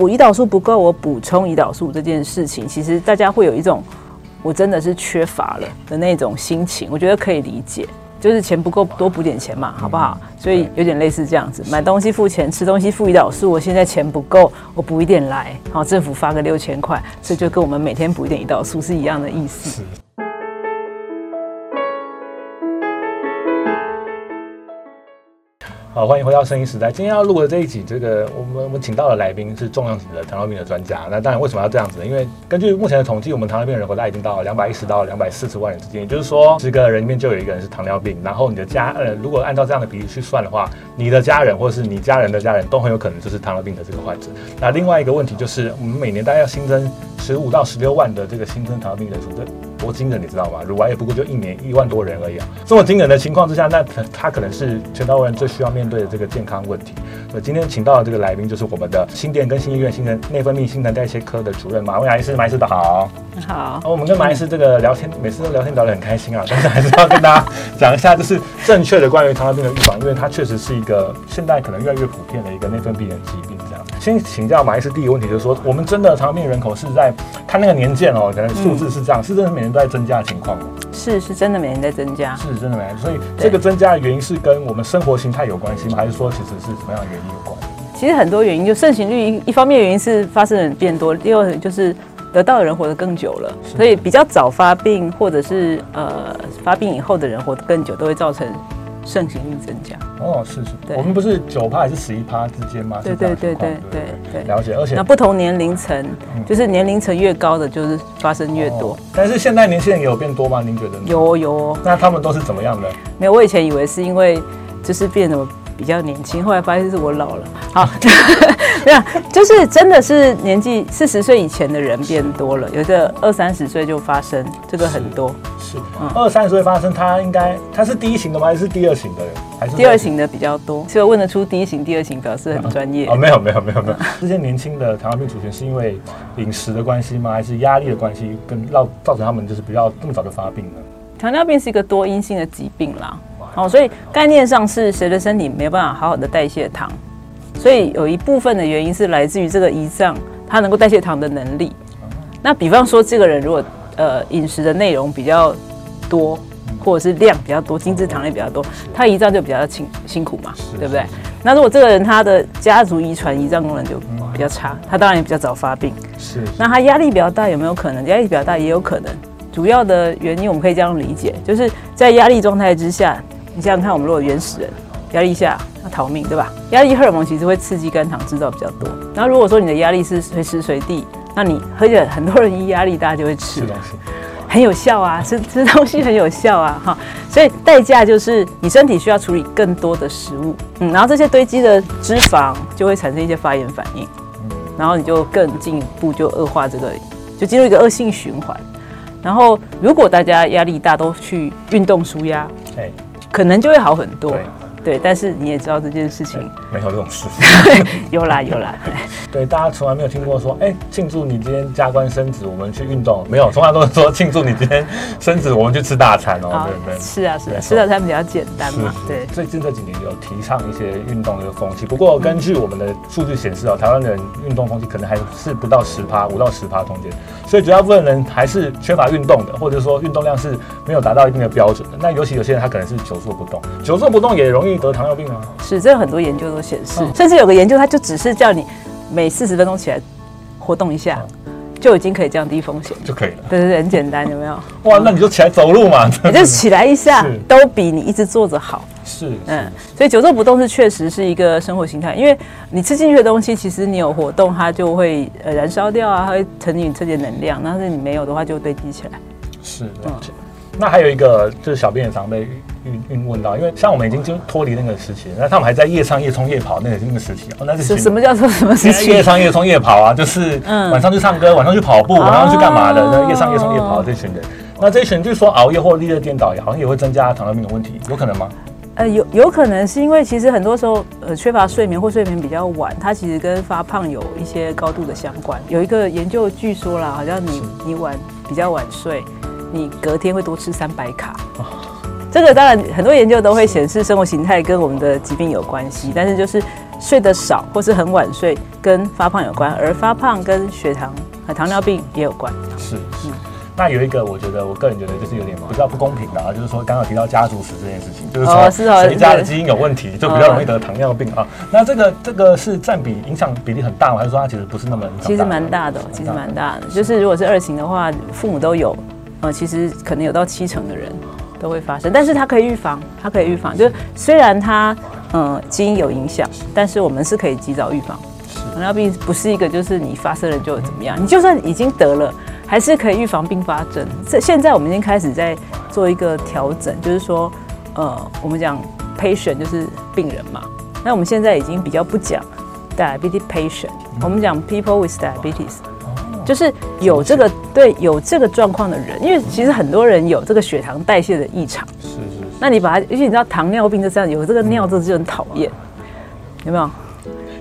我胰島素不夠，我補充胰島素這件事情，其實大家會有一種我真的是缺乏了的那種心情，我覺得可以理解，就是錢不夠，多補點錢嘛，好不好？嗯，所以有點類似這樣子，買東西付錢，吃東西付胰島素，我現在錢不夠，我補一點來，好，政府發個六千塊，所以就跟我們每天補一點胰島素是一樣的意思。好，歡迎回到生醫時代。今天要錄的這一集，這個我們我們請到的來賓是重量級的糖尿病的專家。那當然，為什麼要這樣子呢？因為根據目前的統計，我們糖尿病的人口大概已經到了兩百一十到兩百四十萬人之間，也就是說，十個人裡面就有一個人是糖尿病。然後你的家，呃，如果按照這樣的比例去算的話，你的家人或者是你家人的家人都很有可能就是糖尿病的這個患者。那另外一個問題就是，我們每年大概要新增十五到十六萬的這個新增糖尿病人數對。多驚人，你知道嗎？乳癌也不過就一年一萬多人而已啊！這麼驚人的情況之下，那他可能是全台灣人最需要面對的這個健康問題。那今天請到的這個來賓就是我們的新店耕莘醫院新陳內分泌新陳代謝科的主任馬文雅醫師，馬醫師，你好。好、哦。我們跟馬醫師這個聊天，嗯、每次都聊天聊得很開心啊！但是還是要跟大家講一下，就是正確的關於糖尿病的預防， 因為它確實是一個現代可能越來越普遍的一個內分泌的疾病。先請教馬醫師第一個問題就是說，我們真的糖尿病人口是在看那個年鑑哦，可能數字是這樣，嗯、是真的每年都在增加的情況嗎？是，是真的每年在增加，是真的每年。所以這個增加的原因是跟我們生活形態有關係嗎？還是說其實是什麼樣的原因有關？其實很多原因，就盛行率一,一方面原因是發生人變多，第二就是得到的人活得更久了，的所以比較早發病或者是呃發病以後的人活得更久，都會造成。盛行率增加哦，是是，對。我們不是九趴還是十一趴之間嗎？對對對對對對，了解。而且那不同年齡層，嗯、就是年齡層越高的，就是發生越多。哦、但是現在年輕人有變多嗎？您覺得有、哦、有、哦？那他們都是怎麼樣的？沒有，我以前以為是因為就是變成什麼。比較年輕，後來發現是我老了。好，這樣 就是真的是年紀四十歲以前的人變多了，是有的二三十歲就發生，這個很多。是，是嗯、二三十歲發生，它應該它是第一型的嗎？還是第二型的？還是第二型的，二型的比較多？所以問得出第一型、第二型的是的，表示很專業。哦，沒有沒有沒有沒有。沒有沒有 這些年輕的糖尿病出現，是因為飲食的關係嗎？還是壓力的關係？跟造造成他們就是比較這麼早就發病呢？糖尿病是一個多因性的疾病啦。哦，所以概念上是誰的身體沒有辦法好好的代謝糖，所以有一部分的原因是來自於這個胰臟它能夠代謝糖的能力。那比方說，這個人如果呃飲食的內容比較多，或者是量比較多，精制糖類比較多，他胰臟就比較辛辛苦嘛，是是是是，對不對？那如果這個人他的家族遺傳胰臟功能就比較差，他當然也比較早發病。是，是。那他壓力比較大，有沒有可能？壓力比較大也有可能。主要的原因我們可以這樣理解，就是在壓力狀態之下。你想想看，我們如果原始人壓力下要逃命，對吧？壓力荷爾蒙其實會刺激肝糖製造比較多。對然後如果說你的壓力是隨時隨地，那你而且很多人一壓力大就會吃東西，很有效啊， 吃吃東西很有效啊，哈。所以代價就是你身體需要處理更多的食物，嗯，然後這些堆積的脂肪就會產生一些發炎反應，嗯，然後你就更進一步就惡化這個，就進入一個惡性循環。然後如果大家壓力大都去運動舒壓，對。可能就會好很多。對，但是你也知道這件事情沒有這種事，情。 有啦有啦。對，對大家從來沒有聽過說，哎、欸，慶祝你今天加官升職，我們去運動沒有？從來都是說慶祝你今天升職，嗯、我們去吃大餐哦、喔，啊、對不對？是啊，是啊，對吃的才比較簡單嘛。是是對，最近這幾年有提倡一些運動的風氣，不過根據我們的數據顯示啊、喔，台灣人運動風氣可能還是不到十趴，五到十趴中間，所以絕大部分人還是缺乏運動的，或者說運動量是沒有達到一定的標準的。那尤其有些人他可能是久坐不動，久坐不動也容易。得糖尿病啊，是，這有很多研究都顯示，嗯、甚至有個研究，他就只是叫你每四十分鐘起來活動一下，嗯、就已經可以降低風險就可以了。對對，很簡單，有沒有？哇，那你就起來走路嘛，你就起來一下，是都比你一直坐着好。是，是嗯，所以久坐不動是確實是一個生活形態，因為你吃進去的東西，其實你有活動，它就會呃燃燒掉啊，它會存你這些能量，但是你沒有的話，就會堆積起來。是的，嗯。那還有一個就是小便也常被。運運、嗯嗯、問到，因為像我們已經就脫離那、嗯那個、那個時期，那他們還在夜上夜衝夜跑那個那個時期哦，那是什麼叫做什麼時期？夜上夜衝夜跑啊，就是晚上去唱歌，嗯、晚上去跑步，晚上去干嘛的？啊、那夜上夜衝夜跑這一群人，哦、那這一群就是說熬夜或日夜顛倒，也好像也會增加糖尿病的問題，有可能嗎？呃，有有可能是因為其實很多時候呃缺乏睡眠或睡眠比較晚，它其實跟發胖有一些高度的相關。有一個研究據說啦，好像你是你晚比較晚睡，你隔天會多吃三百卡。哦這個當然，很多研究都會顯示生活形態跟我們的疾病有關係，是但是就是睡得少或是很晚睡跟發胖有關，而發胖跟血糖和糖尿病也有關。是，是，嗯，那有一個我覺得，我個人覺得就是有點比較不公平的啊，就是說剛剛提到家族史這件事情，就是說誰家的基因有問題就比較容易得糖尿病啊。那這個這個是占比影響比例很大嗎？還是說它其實不是那麼？其實蠻大的，其實蠻大的。就是如果是二型的話，父母都有，呃，其實可能有到七成的人。都會發生，但是它可以預防，它可以預防。就是雖然它，嗯，基因有影響，但是我們是可以及早預防。糖尿病不是一個，就是你發生了就怎麼樣，你就算已經得了，還是可以預防併發症。這現在我們已經開始在做一個調整，就是說，呃、嗯，我們講 patient 就是病人嘛。那我們現在已經比較不講 diabetes patient，我們講 people with diabetes。就是有這個，對有這個狀況的人，因為其實很多人有這個血糖代謝的異常。是是。那你把它，因為你知道糖尿病就這樣，有這個尿漬就很討厭，有沒有？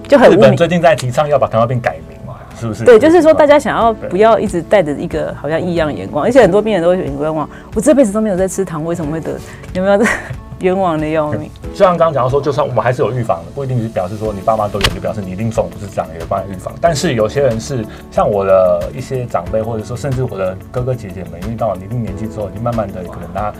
就很污。日本最近在提倡要把糖尿病改名嘛，是不是？對，就是說大家想要不要一直帶着一個好像異樣眼光，而且很多，很多病人都會問我，我這輩子都沒有在吃糖，為什麼會得？有沒有？冤枉的要命、嗯。就像剛剛講到說，就算我們還是有預防的，不一定是表示說你爸媽都有就表示你一定中，不是這樣，也有辦法預防，但是有些人是像我的一些長輩，或者說甚至我的哥哥姐姐們，因為到了一定年紀之後，就慢慢的可能他。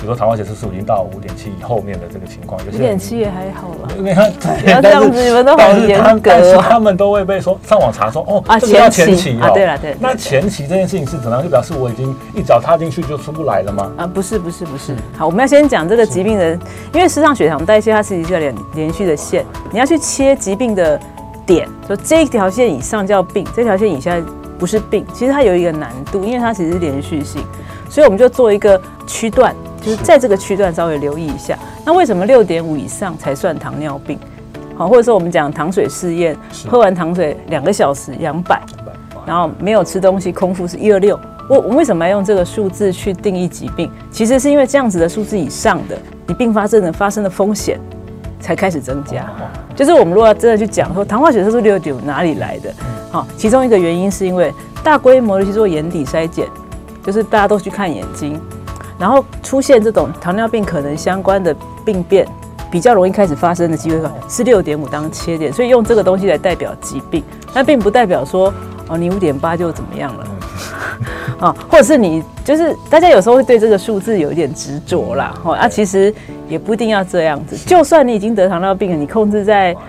比如說，糖化血色素已經到五點七，後面的這個情況，五點七也還好了。你看，不要這樣子，你們都很嚴格但。但是他們都會被說上網查說哦啊，這要前期，前期、哦、啊，對了對，對，對。那前期這件事情是怎麼樣？就表示我已經一腳踏進去就出不來了嗎？啊，不是不是不是。不是嗯，好，我們要先講這個疾病的，因為事實上血糖代謝它其實是一條連，連續的線，你要去切疾病的點，說這一條線以上叫病，這條線以下不是病。其實它有一個難度，因為它其實是連續性，所以我們就做一個區段。在這個區段稍微留意一下，那為什麼六點五以上才算糖尿病？好，或者說，我們講糖水試驗，是喝完糖水兩個小時兩百，200, 然後沒有吃東西，空腹是一二六。我我們為什麼要用這個數字去定義疾病？其實是因為這樣子的數字以上的，你併發症的發生的風險才開始增加。就是我們如果要真的去講說，糖化血色素六點五哪裡來的？好，其中一個原因是因為大規模的去做眼底篩檢，就是大家都去看眼睛。然後出現這種糖尿病可能相關的病變，比較容易開始發生的機會是六點五當切點，所以用這個東西來代表疾病，但並不代表說哦你五點八就怎麼樣了啊、哦，或者是你就是大家有時候會對這個數字有一點執着啦、哦，啊其實也不一定要這樣子，就算你已經得糖尿病了，你控制在的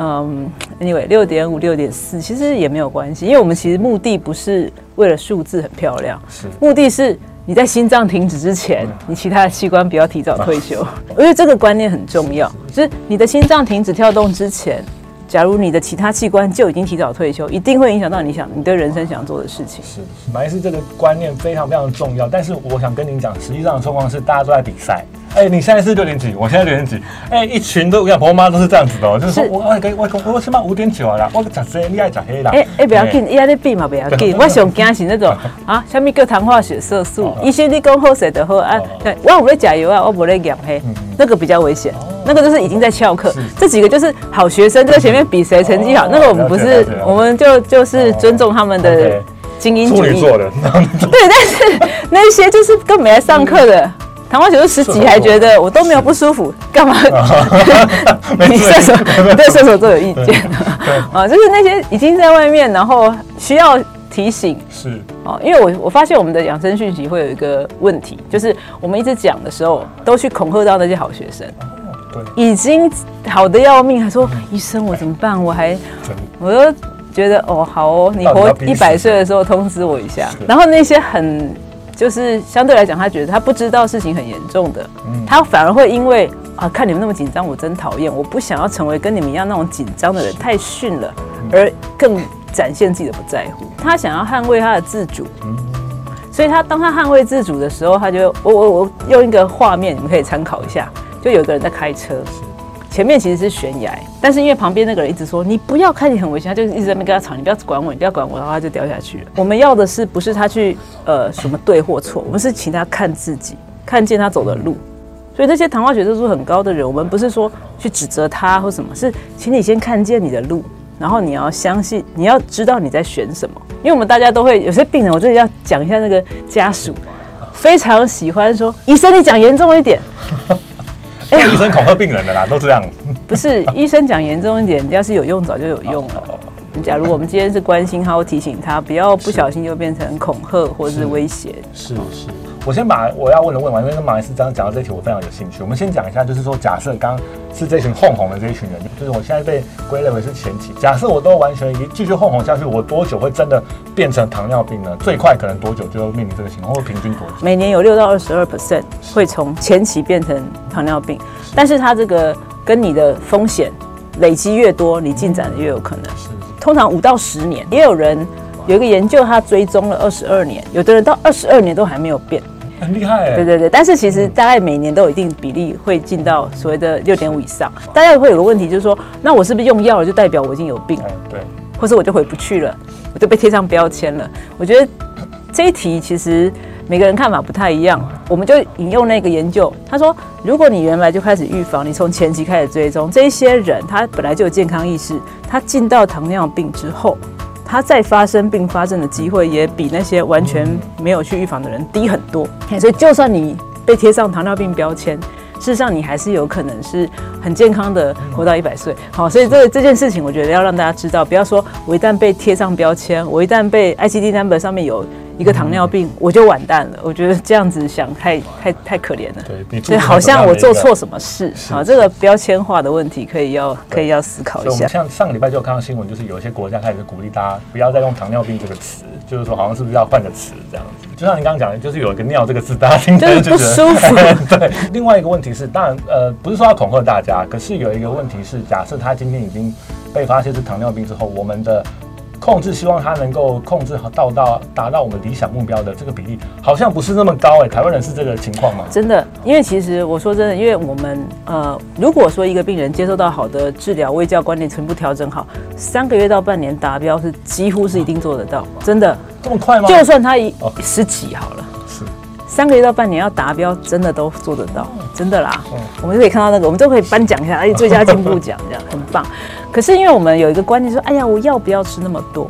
嗯，anyway 六點五六點四其實也沒有關係，因為我們其實目的不是為了數字很漂亮，是的目的是。你在心臟停止之前，你其他的器官不要提早退休，我覺得這個觀念很重要，就是你的心臟停止跳動之前。假如你的其他器官就已經提早退休，一定會影響到你想你的人生想做的事情。是，還是，是來這個觀念非常非常重要。但是我想跟您講，實際上的狀況是大家都在比賽。哎、欸，你現在是六點幾？我現在六點幾？哎、欸，一群都我跟婆媽都是這樣子的，就說，是說我、欸、我我我起碼五點九啊，我吃深你也吃黑啦。哎、欸，不要緊，壓力變嘛不要緊。我想驚是那種、個、 啊，什麼叫糖化血色素？好好醫生你講好食就好啊。好好好我唔會加油啊，我唔會養黑，嗯嗯那個比較危險。那個就是已經在翹課，這幾個就是好學生，在前面比誰成績好。那個我們不是，我們就就是尊重他們的精英主義。對。但是那些就是根本沒來上課的，糖化九十幾還覺得我都沒有不舒服，幹嘛？你射手對射手都有意見啊，就是那些已經在外面，然後需要提醒是哦，因為我我發現我們的養生訊息會有一個問題，就是我們一直講的時候，都去恐嚇到那些好學生。已經好的要命，還說醫生我怎麼辦？我還，我都覺得哦，好哦，你活一百歲的時候通知我一下。然後那些很就是，相對來講，他覺得他不知道事情很嚴重的，他反而會因為啊，看你們那麼緊張，我真討厭，我不想要成為跟你們一樣那種緊張的人，太遜了，而更展現自己的不在乎。他想要捍衛他的自主，所以他當他捍衛自主的時候，他就我我我用一個畫面，你們可以參考一下。就有個人在開車，前面其實是懸崖，但是因為旁邊那個人一直說你不要看你很危險，他就一直在那邊跟他吵，你不要管我，你不要管我，然後他就掉下去了。我們要的是不是他去呃什麼對或錯？我們是請他看自己，看見他走的路。所以這些糖化血色素很高的人，我們不是說去指責他或什麼，是請你先看見你的路，然後你要相信，你要知道你在選什麼。因為我們大家都會有些病人，我這裡要講一下那個家屬，非常喜歡說醫生你講嚴重一點。 欸、醫生恐嚇病人的啦，都這樣。不是，醫生講嚴重一點，要是有用，早就有用了。假如我們今天是關心他，或提醒他，不要不小心就變成恐嚇或者是威脅。是是。好。我先把我要問的問完，因為跟馬醫師剛剛講到這一題，我非常有興趣。我們先講一下，就是說，假設剛是這群控糖的這一群人，就是我現在被歸類為是前期。假設我都完全一繼續控糖下去，我多久會真的變成糖尿病呢？最快可能多久就面臨這個情況？或平均多久？每年有六到二十二%會從前期變成糖尿病，是，但是它這個跟你的風險累積越多，你進展的越有可能。是，是，通常五到十年，也有人。有一個研究，他追蹤了二十二年，有的人到二十二年都還沒有變，很厲害。對對對，但是其實大概每年都有一定比例會進到所謂的六點五以上。大家也會有個問題，就是說，那我是不是用藥了就代表我已經有病了？對，或者我就回不去了，我就被貼上標籤了？我覺得這一題其實每個人看法不太一樣。我們就引用那個研究，他說，如果你原來就開始預防，你從前期開始追蹤，這些人他本來就有健康意識，他進到糖尿病之後。它再發生併發症的機會也比那些完全沒有去預防的人低很多，所以就算你被貼上糖尿病標籤，事實上你還是有可能是很健康的活到一百歲。好，所以這這件事情我覺得要讓大家知道，不要說我一旦被貼上標籤，我一旦被 ICD number 上面有。一個糖尿病，嗯，我就完蛋了，我覺得這樣子想太哇太太可憐了，對了好像我做錯什麼事啊是？這個標籤化的問題可以要對可以要思考一下。我們像上個禮拜就有看到新聞，就是有一些國家開始鼓勵大家不要再用糖尿病這個詞，就是說好像是不是要換個詞這樣子？就像你剛剛講的，就是有一個尿這個字大家聽起來就覺得就是不舒服。 對，另外一個問題是，當然呃不是說要恐嚇大家，可是有一個問題是，假設他今天已經被發現是糖尿病之後，我們的控制，希望他能夠控制好，到到達到我們理想目標的這個比例，好像不是那麼高哎、欸。台灣人是這個情況嗎？真的，因為其實我說真的，因為我們呃，如果說一個病人接受到好的治療，衛教觀念全部調整好，三個月到半年達標是幾乎是一定做得到，啊、真的。這麼快嗎？就算他一十、啊、幾好了，是三個月到半年要達標，真的都做得到，真的啦。嗯、我們就可以看到那個，我們都可以頒獎一下，而且最佳進步獎這樣，很棒。 可是，因為我們有一個觀念，說，哎呀，我要不要吃那麼多？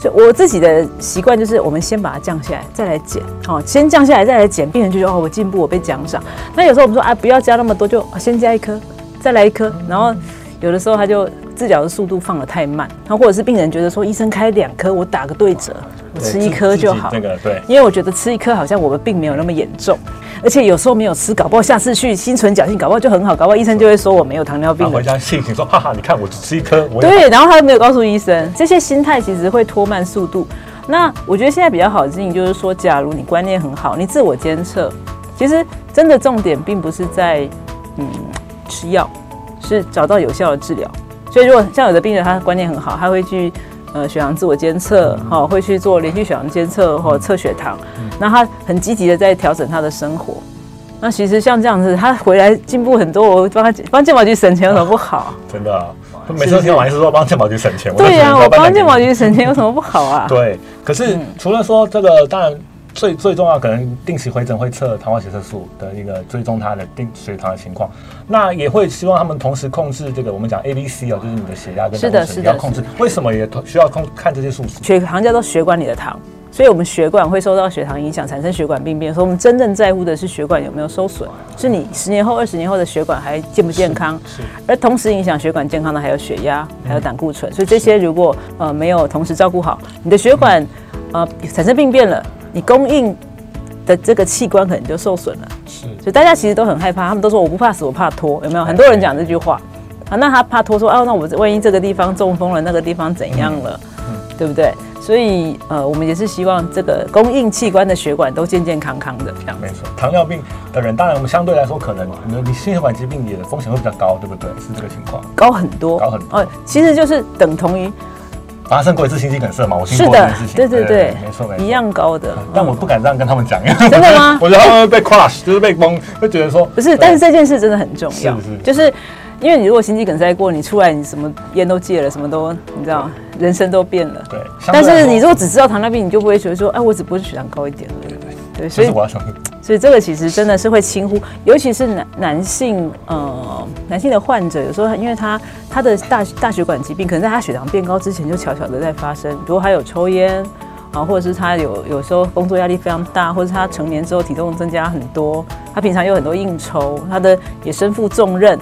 所以我自己的習慣，就是我們先把它降下來，再來減。哦。先降下來再來減，病人就覺得哦，我進步，我被獎賞。那有時候我們說啊，不要加那麼多，就先加一顆，再來一顆。然後有的時候他就治療的速度放得太慢，他或者是病人覺得說，醫生開兩顆，我打個對折。吃，這個、吃一顆就好，那個對，因為我覺得吃一顆好像我們並沒有那麼嚴重，對而且有時候沒有吃，搞不好下次去心存僥倖，搞不好就很好，搞不好醫生就會說我沒有糖尿病。我回家信息說，哈哈，你看我只吃一顆，我對，然後他又沒有告訴醫生，這些心態其實會拖慢速度。那我覺得現在比較好的事情就是說，假如你觀念很好，你自我監測，其實真的重點並不是在嗯吃藥，是找到有效的治療。所以如果像有的病人，他觀念很好，他會去。呃，血糖自我監測，哈、嗯哦，會去做連續血糖監測或測血糖，那、嗯嗯、他很積極的在調整他的生活。那其實像這樣子，他回來進步很多，我幫他幫健保局省錢有什麼不好？啊、真的啊，他每次都聽我還是說幫健保局省錢。對啊，我幫健保局省錢有什麼不好啊？ 對，可是除了說這個，當然。嗯最最重要，可能定期回診會測糖化血色素的一個追蹤，它的定血糖的情況。那也會希望他們同時控制這個，我們講 ABC 哦，就是你的血壓跟是的，是的，要控制。為什麼也需要控看這些數？血糖叫做血管裡的糖，所以我們血管會受到血糖影響，產生血管病變。所以，我們真正在乎的是血管有沒有受損，是你十年後、二十年後的血管還健不健康？是。而同時影響血管健康的還有血壓，還有膽固醇。所以，這些如果呃沒有同時照顧好，你的血管呃產生病變了。你供應的這個器官可能就受損了，是，所以大家其實都很害怕，他們都說我不怕死，我怕拖，有沒有？很多人講這句話。對對對啊，那他怕拖，說啊，那我萬一這個地方中風了，那個地方怎樣了，嗯嗯、對不對？所以呃，我們也是希望這個供應器官的血管都健健康康的，這樣沒錯。糖尿病的人，當然我們相對來說可能你心血管疾病也風險會比較高，對不對？是這個情況、嗯，高很多，高很多哦，其實就是等同於。發生、啊、過一次心肌梗塞嗎？我是的，對對對，沒錯、嗯，沒錯，沒一樣高的。嗯、但我不敢這樣跟他們講，真的嗎？我覺得他們會被 crush，就是被崩，會覺得說不是。對但是這件事真的很重要，是是，就是因為你如果心肌梗塞過，你出來，你什麼菸都戒了，什麼都你知道，人生都變了。對。但是你如果只知道糖尿病，你就不會覺得說，哎、啊，我只不過是血糖高一點了。對，對，對，對，所以我要說。所以這個其實真的是會輕忽，尤其是男男性，呃，男性的患者，有時候因為他他的大大血管疾病，可能在他血糖變高之前就悄悄的在發生。如果他有抽菸，啊，或者是他有有時候工作壓力非常大，或者是他成年之後體重增加很多，他平常有很多應酬，他的也身負重任，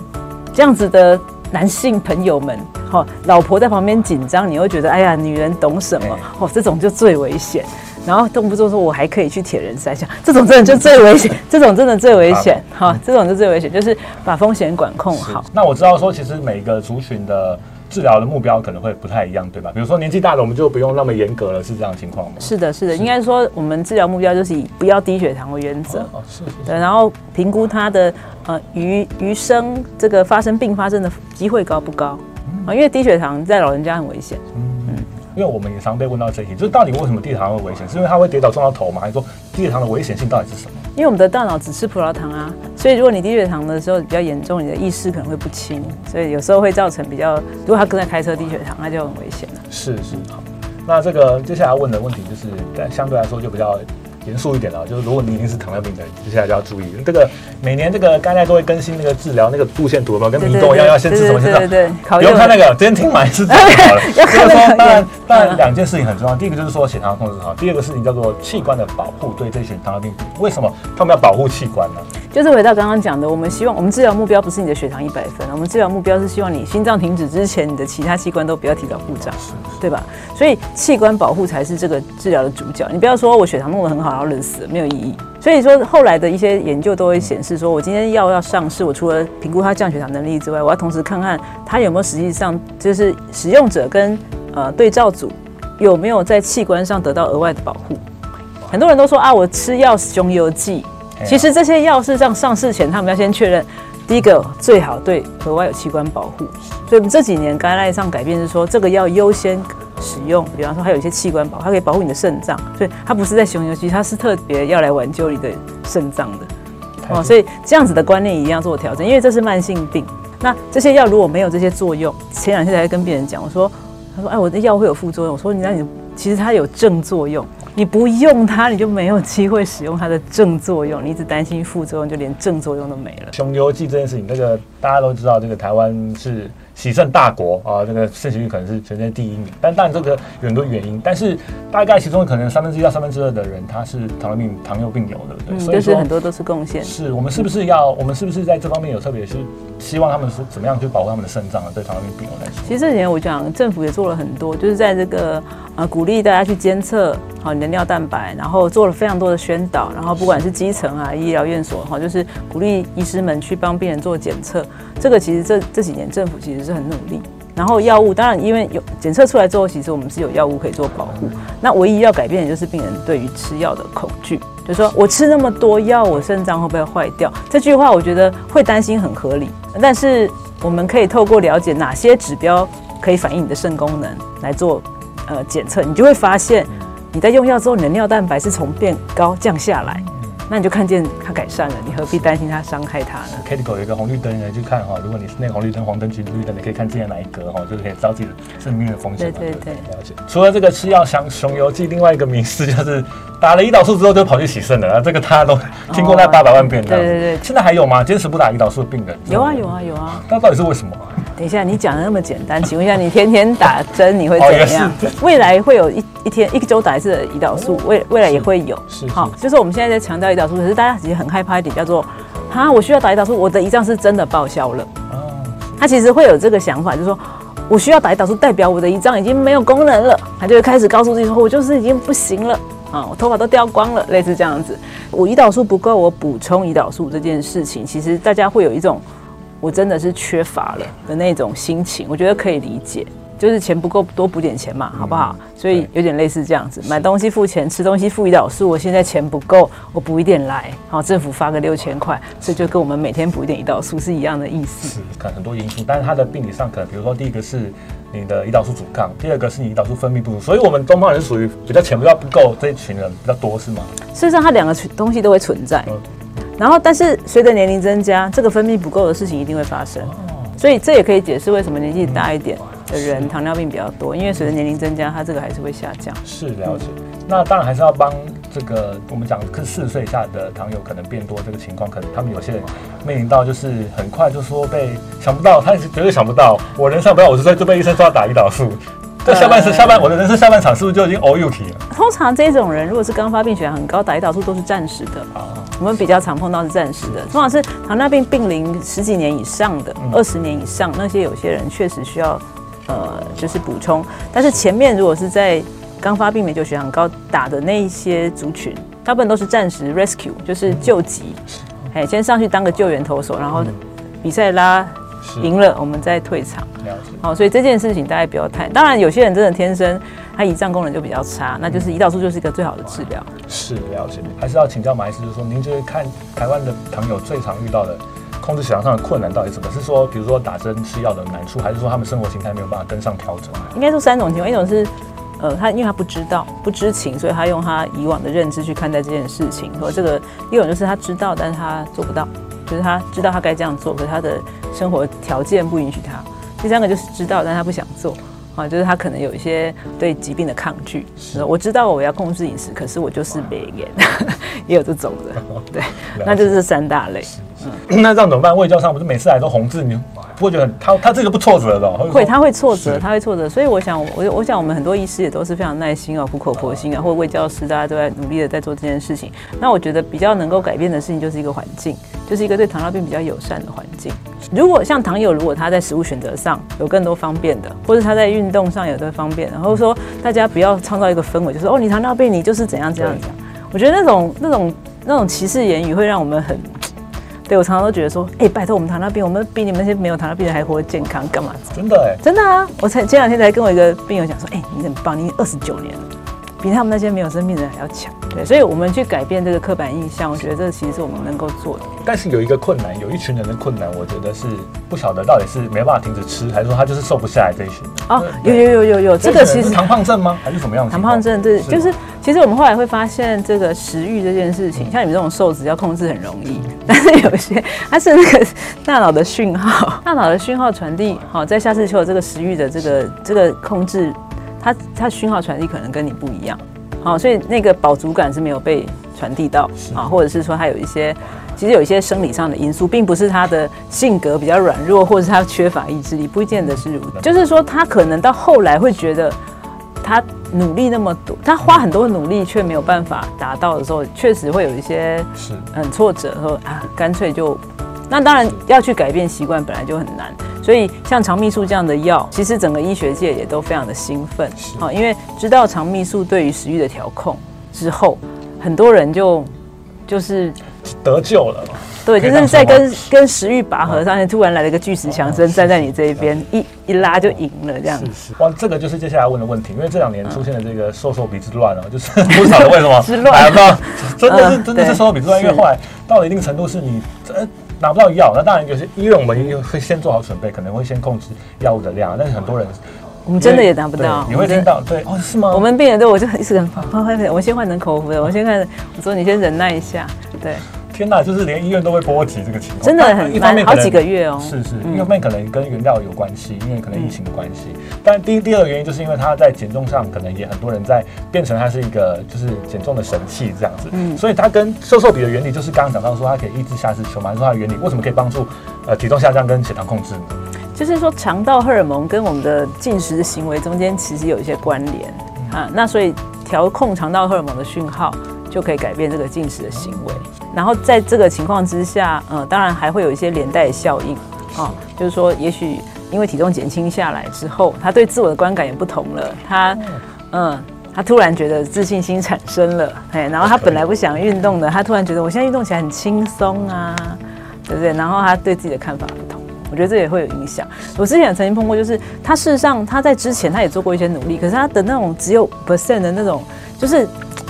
這樣子的男性朋友們，好、啊，老婆在旁邊緊張，你會覺得哎呀，女人懂什麼？哦，這種就最危險。然後動不動說，我還可以去鐵人三項，這種真的就最危險，這種真的最危險，哈， 這種就最危險，就是把風險管控好。那我知道說，其實每一個族群的治療的目標可能會不太一樣，對吧？比如說年紀大了，我們就不用那麼嚴格了，是這樣的情況嗎？是的，是的，應該說我們治療目標就是以不要低血糖為原則。哦的，是。對，然後評估他的呃餘餘生這個發生併發症的機會高不高啊？嗯、因為低血糖在老人家很危險。嗯因為我們也常被問到這一題，就是到底為什麼低血糖會危險？是因為它會跌倒撞到頭嗎？還是說低血糖的危險性到底是什麼？因為我們的大腦只吃葡萄糖啊，所以如果你低血糖的時候比較嚴重，你的意識可能會不清，所以有時候會造成比較，如果他正在開車低血糖，哇那就很危險了。是是好，那這個接下來要問的問題就是在相對來說就比較。嚴肅一點了，就是如果你已經是糖尿病的，接下來就要注意這個每年這個肝代都會更新那個治療那個路線圖了，跟迷宮一樣，要先治什麼先，對對對，不用看那個，我的 今天聽完是最好了。所以說，當然當然兩件事情很重要，第一個就是說血糖控制好，第二個事情叫做器官的保護。對這些糖尿病，為什麼他們要保護器官呢？就是回到剛剛講的，我們希望我們治療目標不是你的血糖一百分，我們治療目標是希望你心臟停止之前，你的其他器官都不要提早故障，是是，對吧？所以器官保護才是這個治療的主角。你不要說我血糖弄得很好，然後人死了沒有意義。所以說後來的一些研究都會顯示，說我今天藥要上市，我除了評估它降血糖能力之外，我要同時看看它有沒有實際上就是使用者跟呃對照組有沒有在器官上得到額外的保護。很多人都說啊，我吃藥是中油劑，哎、呀其實這些藥是上上市前他們要先確認，第一個最好對額外有器官保護，所以我們這幾年概念上改變是說這個要優先使用，比方說，它有一些器官保，它可以保護你的腎臟，所以它不是在雄游素，它是特別要來挽救你的腎臟的，哦、嗯，所以這樣子的觀念一定要做調整，因為這是慢性病。那這些藥如果沒有這些作用，前兩天才跟病人講，我說，他說，哎，我的藥會有副作用，我說你，你讓你其實它有正作用，你不用它，你就沒有機會使用它的正作用，你只擔心副作用，就連正作用都沒了。雄游素這件事情，那、這個大家都知道，這個台灣是。洗腎大國啊、呃，這個腎疾病可能是全世界第一名，但但這個有很多原因，但是大概其中可能三分之一到三分之二的人，他是糖尿病糖尿病友的，對，對、嗯、所以嗯，其實很多都是貢獻。是，我們是不是要，我們是不是在這方面有特別，是希望他們是怎麼樣去保護他們的腎臟啊？對糖尿病病友來說、嗯。其實這幾年我講政府也做了很多，就是在這個啊、呃、鼓勵大家去監測好、哦、你的尿蛋白，然後做了非常多的宣導，然後不管是基層啊、是醫療院所哈、哦，就是鼓勵醫師們去幫病人做檢測。這個其實這這幾年政府其實是很努力，然後藥物當然因為有檢測出來之後，其實我們是有藥物可以做保護。那唯一要改變的就是病人對於吃藥的恐懼，就是說“我吃那麼多藥，我腎臟會不會壞掉？”這句話我覺得會擔心很合理。但是我們可以透過了解哪些指標可以反映你的腎功能來做呃檢測，你就會發現你在用藥之後，你的尿蛋白是從變高降下來。那你就看見他改善了，你何必擔心他傷害他呢？Kitty 有一個紅綠燈，你去看哈、哦。如果你是那紅綠燈黃燈、綠燈，你可以看現在哪一格哈、哦，就可以知道自己生命的風險。對，對對對，了解。除了這個是要香熊遊記，另外一個迷思就是打了胰島素之後就跑去洗腎了啊，然後這個他都聽過那八百萬遍的。Oh, 對，對對對，現在還有嗎？堅持不打胰島素的病人有啊有啊有啊，那、啊啊、到底是為什麼？等一下，你講的那麼簡單，請問一下，你天天打針，你會怎麼樣？未來會有一天一天一周打一次的胰島素，未未來也會有。是好，哦，就是我們現在在強調胰島素，可是大家其實很害怕的，叫做哈，我需要打胰島素，我的胰臟是真的報銷了。哦，啊，他其實會有這個想法，就是說，我需要打胰島素，代表我的胰臟已經沒有功能了，他就會開始告訴自己說，我就是已經不行了啊，哦，我頭髮都掉光了，類似這樣子。我胰島素不夠，我補充胰島素這件事情，其實大家會有一種。我真的是缺乏了的那種心情，我覺得可以理解，就是錢不夠，多補點錢嘛，好不好？嗯、所以有點類似這樣子，對買東西付錢，吃東西付胰島素。我現在錢不夠，我補一點來，好，政府發個六千塊，這就跟我們每天補一點胰島素是一樣的意思。是，是，看很多因素，但是它的病理上可能，比如說第一個是你的胰島素阻抗，第二個是你胰島素分泌不足。所以我們東方人是屬於比較錢比較不夠這一群人比較多，是嗎？事實上，它兩個東西都會存在。嗯然後，但是隨着年齡增加，這個分泌不夠的事情一定會發生。哦、所以這也可以解釋為什麼年紀大一點的人糖尿病比較多，是因為隨着年齡增加，它這個還是會下降。是了解。嗯、那當然還是要幫這個，我們講四十歲以下的糖友可能變多這個情況，可能他們有些面臨到，就是很快就說被想不到，他絕對想不到，我人尚不到五十歲就被醫生抓打胰島素。在對下半時，下半我的人生下半場是不是就已經 out 了？通常這種人，如果是剛發病血糖很高，打胰島素都是暫時的、啊、我們比較常碰到是暫時的。嗯、通常是糖尿病病齡十幾年以上的，二十、嗯、年以上，那些有些人確實需要，呃，就是補充。但是前面如果是在剛發病、沒就血糖高打的那一些族群，大部分都是暫時 rescue，就是救急，哎、嗯，先上去當個救援投手，嗯、然後比賽拉。贏了，了，我們再退場。好解、哦，所以這件事情大家不要太。當然，有些人真的天生他胰臟功能就比較差，那就是胰島素就是一個最好的治療、嗯。是，了解。還是要請教馬醫師，就是說您覺得看台灣的朋友最常遇到的控制血糖上的困難到底是什麼？是說比如說打針吃藥的難處，還是說他們生活形態沒有辦法跟上調整？應該說三種情況，一種是呃他因為他不知道不知情，所以他用他以往的認知去看待這件事情，和這個；一種是就是他知道，但是他做不到。就是他知道他該這樣做，可是他的生活條件不允許他。第三個就是知道，但他不想做啊，就是他可能有一些對疾病的抗拒。是我知道我要控制飲食，可是我就是沒臉。哇 也有這種的。 對，解那就是三大類。嗯、那這樣怎麼辦？衛教師不是每次來都紅字，你不會覺得他他這個不挫折的會,會，他會挫折，是他會挫折。所以我想，我我想，我們很多醫師也都是非常耐心啊、苦口婆心啊，嗯、或者衛教師大家都在努力的在做這件事情。嗯、那我覺得比較能夠改變的事情就是一個環境，就是一個對糖尿病比較友善的環境。如果像糖友，如果他在食物選擇上有更多方便的，或者他在運動上有更方便，然後說大家不要創造一個氛圍，就是哦，你糖尿病，你就是怎樣怎樣這樣子、啊。對我覺得那種那種那種歧視言語會讓我們很。對，我常常都覺得說，哎、欸，拜托我們糖尿病，我們比你們那些沒有糖尿病的人還活得健康，幹嘛？真的、欸、真的啊！我才前，前兩天才跟我一個病友講說，哎、欸，你很棒，你二十九年了。比他們那些沒有生命的人還要強，對，所以我們去改變這個刻板印象，我覺得這其實是我們能夠做的。但是有一個困難，有一群人的困難，我覺得是不曉得到底是沒辦法停止吃，還是說他就是瘦不下來這一群人。哦，有對有有有有，這個其實糖胖症嗎，還是什麼樣子？糖胖症對，是就是其實我們後來會發現，這個食欲這件事情，嗯、像你們這種瘦子要控制很容易，嗯、但是有些它是那個大腦的訊號，大腦的訊號傳遞好，在下次就有這個食欲的這個是這個控制。他他訊號傳遞可能跟你不一樣，好、哦，所以那個飽足感是沒有被傳遞到啊、哦，或者是說他有一些，其實有一些生理上的因素，並不是他的性格比較軟弱，或者他缺乏意志力，不見得是如此，就是說他可能到後來會覺得，他努力那麼多，他花很多努力卻沒有辦法達到的時候，確實會有一些是很挫折，說啊，乾脆就。那當然要去改變習慣，本來就很難，所以像腸泌素這樣的藥，其實整個醫學界也都非常的興奮、哦，因為知道腸泌素對於食慾的調控之後，很多人就就是得救了，對，就是在跟跟食慾拔河上面，突然來了一個巨石強森，站在你這一邊，一一拉就贏了這樣。是是，哇，這個就是接下來問的問題，因為這兩年出現了這個瘦瘦筆之亂哦，就是不曉得，為什麼？之亂，哎，真的真的是真的是瘦瘦筆之亂，因為後來到了一定程度，是你這拿不到藥，那當然就是，醫院我們也會先做好準備，可能會先控制藥物的量。但是很多人，嗯、為我們真的也拿不到，對你會聽到，對哦，是嗎？我們病人對我就很一直很快、啊、我先換成口服的，我先看，啊、我說你先忍耐一下，對。天吶，就是連醫院都會波及這個情況，真的很一般，好幾個月哦。是是，嗯、因為可能跟原料有關係，因為可能疫情的關係。嗯、但第第二個原因，就是因為它在減重上，可能也很多人在變成它是一個就是減重的神器這樣子。嗯，所以它跟瘦瘦筆的原理，就是剛剛講到說它可以抑制下視丘蠻重、就是、它的原理。為什麼可以幫助呃體重下降跟血糖控制呢？就是說腸道荷爾蒙跟我們的進食行為中間其實有一些關聯、嗯、啊，那所以調控腸道荷爾蒙的訊號。就可以改變這個進食的行為，然後在這個情況之下，嗯，當然還會有一些連帶效應啊、呃，就是說，也許因為體重減輕下來之後，他對自我的觀感也不同了，他，嗯，他突然覺得自信心產生了，哎，然後他本來不想運動的，他突然覺得我現在運動起來很輕鬆啊，對不對？然後他對自己的看法不同，我覺得這也會有影響。我之前也曾經碰過，就是他事實上他在之前他也做過一些努力，可是他的那種只有 percent 的那種，就是。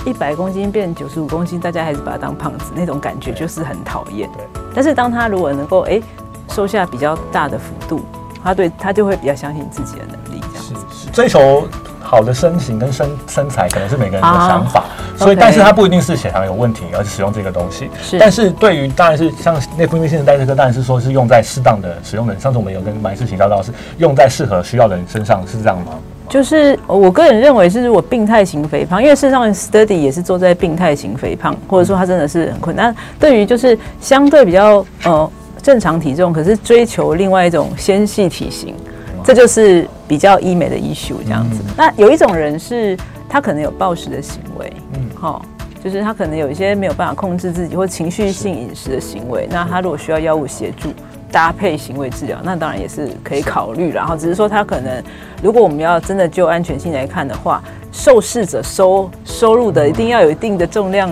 一百公斤變九十五公斤，大家還是把他當胖子，那種感覺就是很討厭。對。但是當他如果能夠哎瘦下比較大的幅度，他對他就會比較相信自己的能力。這樣子。追求好的身形跟身身材，可能是每個人的想法。啊、所以，Okay 但是他不一定是血糖有問題，而是使用這個東西。是。但是對於，當然是像內分泌性的代謝科，當然是說是用在適當的使用的人。上次我們有跟馬醫師請教到，是用在適合需要的人身上，是這樣嗎？就是我個人認為，是我病態型肥胖，因為事實上 study 也是做在病態型肥胖，或者說他真的是很困難。對於就是相對比較呃正常體重，可是追求另外一種纖細體型，這就是比較醫美的 issue 這樣子。嗯嗯，那有一種人是他可能有暴食的行為，嗯，好、哦，就是他可能有一些沒有辦法控制自己或情緒性飲食的行為。那他如果需要藥物協助。搭配行為治療，那當然也是可以考慮。然後只是說，他可能如果我們要真的就安全性來看的話，受試者收收入的一定要有一定的重量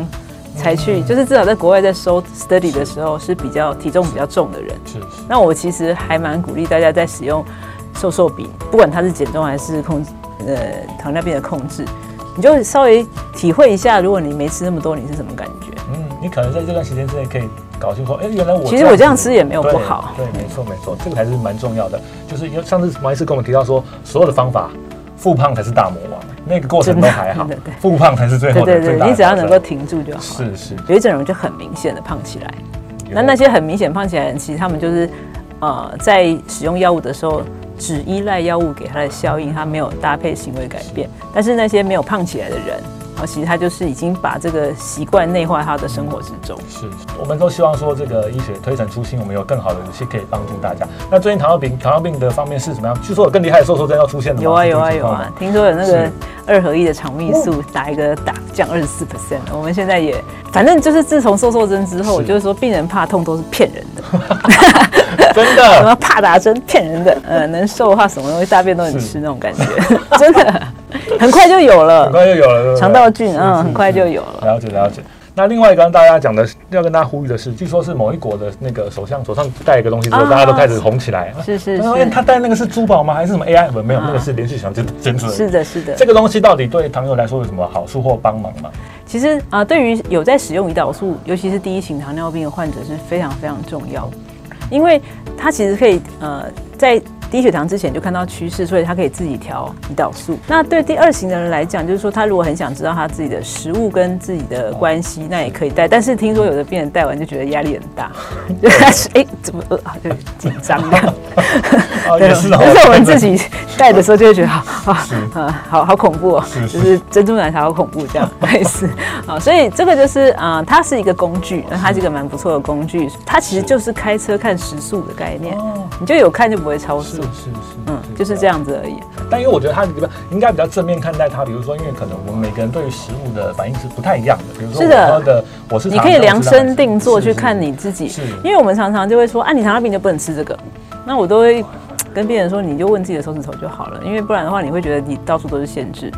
才去，嗯嗯，就是至少在國外在收 study 的時候是，是比較體重比較重的人。是，是。那我其實還蠻鼓勵大家在使用瘦瘦筆，不管它是減重還是控呃糖尿病的控制，你就稍微體會一下，如果你沒吃那麼多，你是什麼感覺？嗯，你可能在這段時間之內可以搞清楚，哎，原來我其實我這樣吃也沒有不好。對，對，沒錯沒錯，這個還是蠻重要的。嗯、就是因為上次馬醫師跟我們提到說，所有的方法，復胖才是大魔王，那個過程都還好。對對，對復胖才是最後的。對對，對，你只要能夠停住就好。是是，有一種人就很明顯的胖起來，有那那些很明顯胖起來的人，其實他們就是呃在使用藥物的時候對只依賴藥物給他的效應，他沒有搭配行為改變。是，但是那些沒有胖起來的人。其實他就是已經把這個習慣內化他的生活之中。是，我們都希望說這個醫學推陳出新，我們有更好的武器可以幫助大家。那最近糖尿病、糖尿病的方面是什麼樣？據說有更厲害的瘦瘦針要出現了嗎？有啊有啊有啊！啊、聽說有那個二合一的腸泌素打，一個打降二十四 percent。我們現在也，反正就是自從瘦瘦針之後，就是說病人怕痛都是騙人的，有有。嗯嗯嗯、真的？什麼怕打針騙人的？呃，能瘦的話什麼東西大便都能吃那種感覺， 真的。很快就有了，很快就有了腸道菌，嗯，很快就有了。了解了解。那另外剛剛大家講的，要跟大家呼籲的是，據說是某一國的那個首相手上戴一個東西之後，大家都開始紅起來。是是。因為他戴那個是珠寶嗎？還是什麼 A I 本？沒有，那個是連續血糖監測。是的，是的。這個東西到底對糖友來說有什麼好處或幫忙嗎？其實啊，對於有在使用胰島素，尤其是第一型糖尿病的患者是非常非常重要，因為它其實可以呃在。低血糖之前就看到趨勢，所以他可以自己調胰島素。那對第二型的人來講，就是說他如果很想知道他自己的食物跟自己的關係，那也可以帶。但是聽說有的病人帶完就覺得壓力很大，就開始，哎、 欸，怎麼餓 對啊？是好的就緊張嗎？就是是我們自己帶的時候就會覺得好。哦嗯、好好恐怖、哦，是是就是珍珠奶茶好恐怖這樣類似啊，所以這個就是啊、呃，它是一個工具，它是一個蠻不錯的工具，它其實就是開車看時速的概念，是是你就有看就不會超速，是是是，是，嗯，是是就是這樣子而已。嗯、但因為我覺得它比較應該比較正面看待它，比如說，因為可能我們每個人對於食物的反應是不太一樣的，比如說我是的、嗯、是的你可以量身定做去看你自己，是、是、是因為我們常常就會說，啊、你糖尿病就不能吃這個，那我都會。跟病人說，你就問自己的手指頭就好了，因為不然的話，你會覺得你到處都是限制。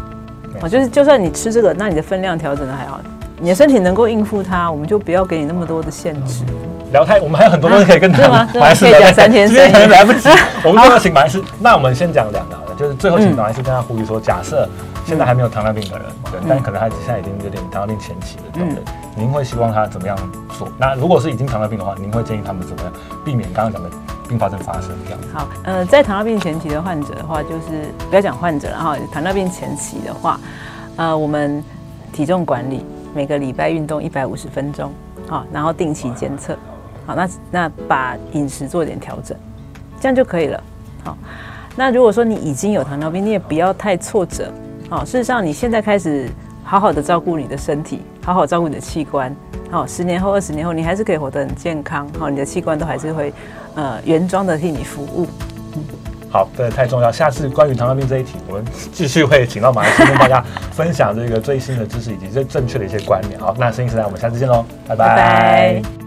哦對，就是就算你吃這個，那你的分量調整的還好，你的身體能夠應付它，我們就不要給你那麼多的限制。聊太，我們還有很多東西可以跟他、啊。對嗎？癡可以講三,三天，天可能來不及。啊、我們最後請馬老師，那我們先講兩個，好了。就是最後請馬老師跟他呼籲說：嗯、假設現在還沒有糖尿病的人，對，嗯、對，但可能他現在已經有點糖尿病前期了，對不對？嗯、您會希望他怎麼樣做？那如果是已經糖尿病的話，您會建議他們怎麼樣避免剛剛講的？併發症發生這樣。好，呃，在糖尿病前期的患者的話，就是不要講患者了哈，糖尿病前期的話，呃，我們體重管理，每個禮拜運動一百五十分鐘，啊，哦，然後定期監測，啊，好，好，那那把飲食做點調整，這樣就可以了。好，那如果說你已經有糖尿病，你也不要太挫折，啊，哦，事實上你現在開始好好的照顧你的身體。好好照顧你的器官，好，十年後、二十年後，你還是可以活得很健康，好，你的器官都還是會，呃，原裝的替你服務。好，這太重要。下次關於糖尿病這一題，我們繼續會請到馬文雅醫師跟大家 分享這個最新的知識以及最正確的一些觀念。好，那生醫時代，我們下次見嘍，拜拜。拜拜。